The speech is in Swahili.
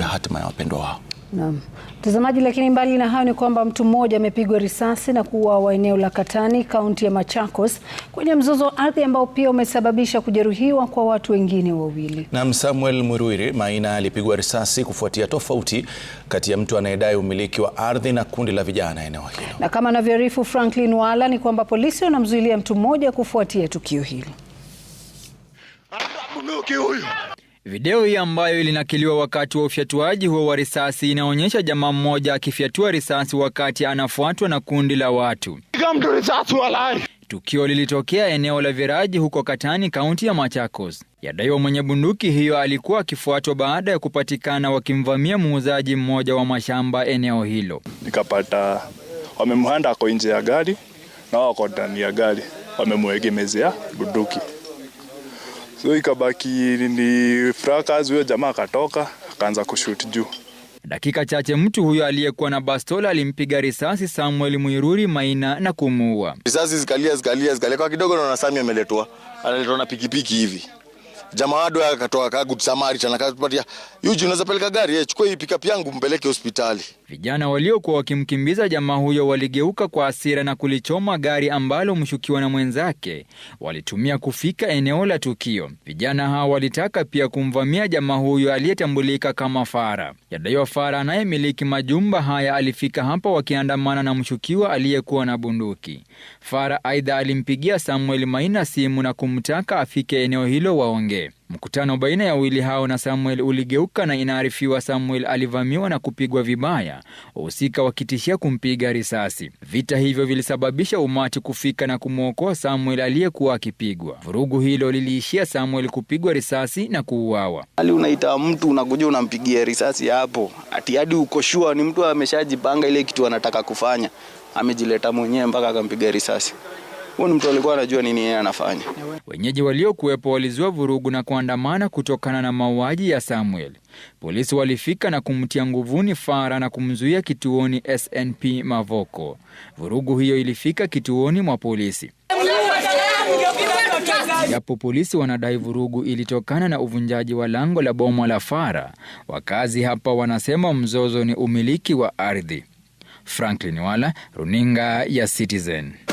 wajue hatima ya wapendwa wao. Naam. Mtazamaji, lakini mbali na hayo ni kwamba mtu mmoja amepigwa risasi na kuuawa eneo la Katani, kaunti ya Machakos, kwenye mzozo wa ardhi ambao pia umesababisha kujeruhiwa kwa watu wengine wawili. Naam, Samuel Muruiri Maina alipigwa risasi kufuatia tofauti kati ya mtu anayedai umiliki wa ardhi na kundi la vijana eneo hilo. Na kama anavyoarifu Franklin Wala ni kwamba polisi wanamzuilia mtu mmoja kufuatia tukio hilo. Video hii ambayo ilinakiliwa wakati wa ufyatuaji huo wa risasi inaonyesha jamaa mmoja akifyatua risasi wakati anafuatwa na kundi la watu. Tukio lilitokea eneo la Viraji huko Katani, kaunti ya Machakos. Yadaiwa mwenye bunduki hiyo alikuwa akifuatwa baada ya kupatikana wakimvamia muuzaji mmoja wa mashamba eneo hilo. Nikapata wamemhanda ako nje ya gari na wako ndani ya gari wamemwegemezea bunduki. So ikabaki ni fracas, huyo jamaa akatoka akaanza kushoot juu. Dakika chache mtu huyo aliyekuwa na bastola alimpiga risasi Samuel Mwiruri Maina na kumuua. Risasi zikalia zikalia zikalia, kwa kidogo naona Sami ameletwa, analetwa na pikipiki hivi jamaa wadu akatoa kagu Samaritan, akapatia yuji, unaweza peleka gari eh, chukua hii pikapu yangu mpeleke hospitali. Vijana waliokuwa wakimkimbiza jamaa huyo waligeuka kwa hasira na kulichoma gari ambalo mshukiwa na mwenzake walitumia kufika eneo la tukio. Vijana hao walitaka pia kumvamia jamaa huyo aliyetambulika kama Fara. Yadaiwa Fara anayemiliki majumba haya alifika hapa wakiandamana na mshukiwa aliyekuwa na bunduki. Fara aidha alimpigia Samuel Maina simu na kumtaka afike eneo hilo waongee. Mkutano baina ya wawili hao na Samuel uligeuka na inaarifiwa Samuel alivamiwa na kupigwa vibaya, wahusika wakitishia kumpiga risasi. Vita hivyo vilisababisha umati kufika na kumwokoa Samuel aliyekuwa akipigwa. Vurugu hilo liliishia Samuel kupigwa risasi na kuuawa. Hali unaita mtu unakuja unampigia risasi hapo, ati hadi uko shua, ni mtu ameshajipanga ile kitu anataka kufanya, amejileta mwenyewe mpaka akampiga risasi huyu mtu alikuwa anajua nini yeye anafanya. Wenyeji waliokuwepo walizua vurugu na kuandamana kutokana na mauaji ya Samuel. Polisi walifika na kumtia nguvuni Fara na kumzuia kituoni SNP Mavoko. Vurugu hiyo ilifika kituoni mwa polisi Japo polisi wanadai vurugu ilitokana na uvunjaji wa lango la boma la Fara, wakazi hapa wanasema mzozo ni umiliki wa ardhi. Franklin Wala, runinga ya Citizen.